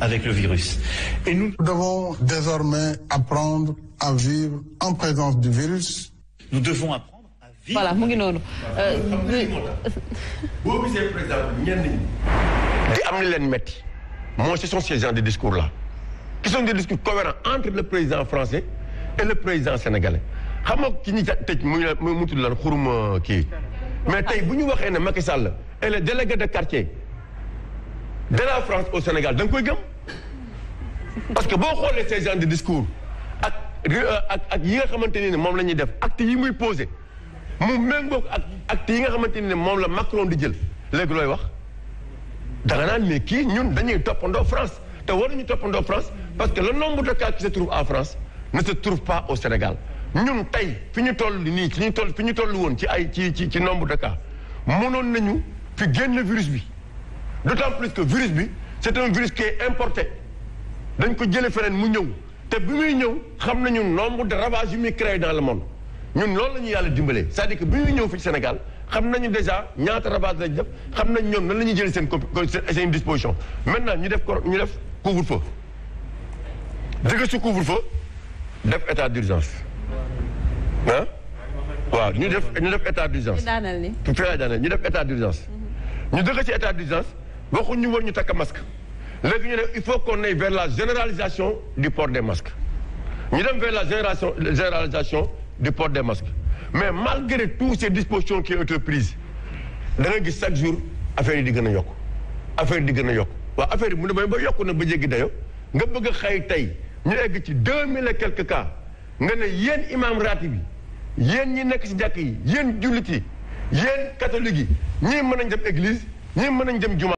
avec le virus. Et nous devons désormais apprendre à vivre en présence du virus. Nous devons apprendre à vivre. Voilà, mu ngi noonu. Euh, euh, euh, boo gisee par exemple ñenn ñi. di am li leen metti mooy ce sont ces gens de discours là qui sont des discours cohérents entre le président français et le président sénégalais xam nga ki ñu tëj mu mu tudd lan xurum kii mais tey bu ñu waxee ne Macky Sall et le délégué de quartier. de la France au Sénégal danga koy gëm parce que boo xoolee ces genres de discours ak euh, ak ak yi nga xamante ni moom la ñuy def acte yi muy posé mu méngóog ak acte yi nga xamante ni moom la Macron di jël léegi looy wax da nga naan mais kii ñun dañuy toppandoo France te waruñu toppandoo France parce que le nombre de cas qui se trouve en France ne se trouve pas au Sénégal ñun tey fi ñu toll nii fi ñu toll fi ñu toll woon ci ay ci ci ci nombre de cas mënoon nañu fi génn virus bi. d'autant plus que virus bi c'est un virus qui importé dañ ko jëlee feneen mu ñëw te bi muy ñëw xam nañu nombre de ravages yu muy créé dans le monde ñun loolu la ñu yàlla dimbalee sa à dire que bi muy ñëw fii Sénégal xam nañu déjà ñaata ravage lañ def xam nañ ñoom nan la ñuy jëlee seen seen disposition maintenant ñu def ñu def couvre-feu jóge si couvre-feu def état d'urgence ah waaw ñu def ñu def état d'urgence fi laay daaneel ñu def état d'urgence mm-hmm. ñu dëkk ci état d'urgence waxuñ ñu war ñu takk masque léegi ñu ne il faut qu'on aille vers la généralisation du port des masques ñu dem vers la génération généralisation du port des masques mais malgré toutes ces dispositions qui ont été prises da gis chaque jour affaire yi di gën a yokk affaire yi di gën a yokk waaw affaire yi mu demee ba yokku na ba jéggi dayo nga bëgg a xëy tey ñu egg ci deux mille et quelques cas nga ne yéen imam ratib bi yéen ñi nekk si jàkk yi yéen jullit yi yéen catholique yi ñii mën nañ dem église ñii mën nañ dem juma